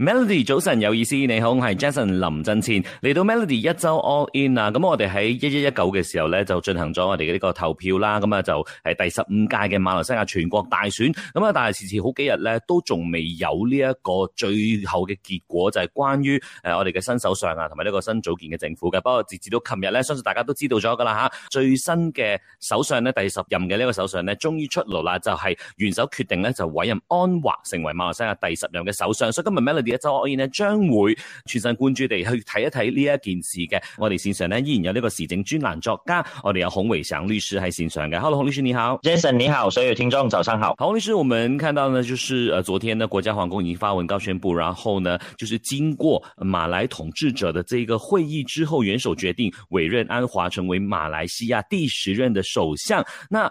Melody 早晨有意思，你好，我係 Jason 林振前嚟到 Melody 一周 All In 啊！咁我哋喺一一一九嘅時候咧，就進行咗我哋嘅呢個投票啦。咁啊就係第十五屆嘅馬來西亞全國大選，咁啊但係遲遲好幾日咧，都仲未有呢一個最後嘅結果，就係關於誒我哋嘅新首相啊，同埋呢個新組建嘅政府嘅。不過截至到琴日咧，相信大家都知道咗噶啦吓，最新嘅首相呢，第十任嘅呢個首相呢，終於出爐啦，就係元首決定呢，就委任安華成為馬來西亞第十任嘅首相。所以今日 Melody。就我而言咧，將會全神貫注地去睇一睇呢一件事嘅。我哋線上呢，依然有呢個時政專欄作家，我哋有洪偉祥律師喺線上嘅。Hello，洪律師你好，Jason 你好，所有聽眾早上好。洪律師，我們看到呢，就是，呃，昨天呢，國家皇宮已經發文告宣布，然後呢，就是經過馬來統治者的這個會議之後，元首決定委任安華成為馬來西亞第十任的首相。那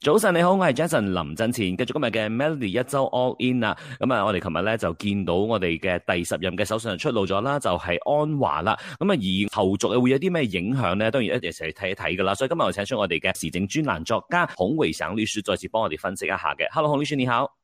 早晨，你好，我係 Jason 林振前，繼續今日嘅 Melody 一周 All In 啦。咁啊，我哋琴日咧就見到我哋嘅第十任嘅首相出爐咗啦，就係、是、安華啦。咁啊，而後續又會有啲咩影響咧？當然一齊去睇一睇噶啦。所以今日我請出我哋嘅時政專欄作家孔維省律師再次幫我哋分析一下嘅。Hello，孔律師你好。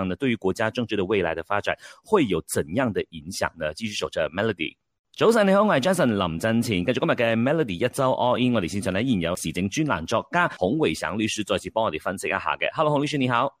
對於國家政治的未來的發展會有怎樣的影響呢？繼續守着 Melody，早晨，你好，我係 Jason 林振前，跟住今日嘅 Melody 一周 All In，我哋線上呢依然有時政專欄作家孔偉祥律師再次幫我哋分析一下嘅，Hello，孔律師你好。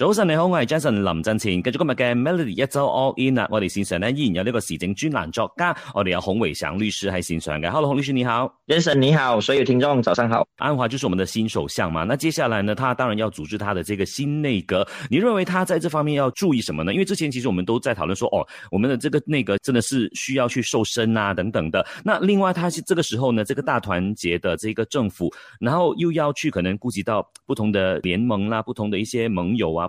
早晨，你好，我係 Jason 林振晴，跟住今日嘅 Melody 一周 All In 啊，我哋線上咧依然有呢個時政專欄作家，我哋有洪偉祥律師係線上嘅，Hello，洪律師你好，Jason 你好，所有聽眾早上好。安華就是我們的新首相嘛，那接下來呢，他當然要組織他的這個新內閣，你認為他在這方面要注意什麼呢？因為之前其實我們都在討論說，哦，我們的這個內閣真的是需要去瘦身啊，等等的。那另外，他是這個時候呢，這個大團結的這個政府，然後又要去可能顧及到不同的聯盟啦、啊，不同的一些盟友啊。